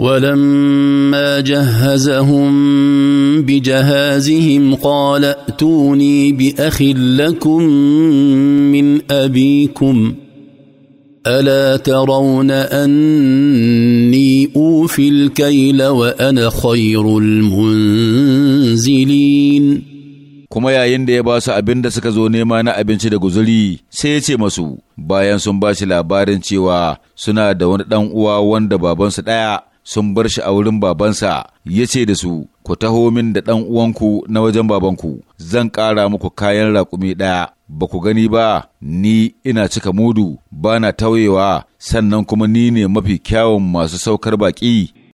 ولما جهزهم بجهازهم قال ائتوني باخ لكم من ابيكم الا ترون اني اوفي الكيل وانا خير المنزلين kuma yayin da ya ba su abin da suka zo nema na abinci da guzuri sai ya ce masu bayan sun ba shi labarin cewa suna da wani ɗan uwa wanda babansu ɗaya sun bar shi a wurin babansa ya ce da su, Ku taho min da ɗan uwanku na wajen babanku, zan ƙara muku kayan raƙumi ɗaya, ba ku gani ba, ni ina cika mudu, ba na tauyewa, sannan kuma ni ne mafi kyawun masu saukar baƙi.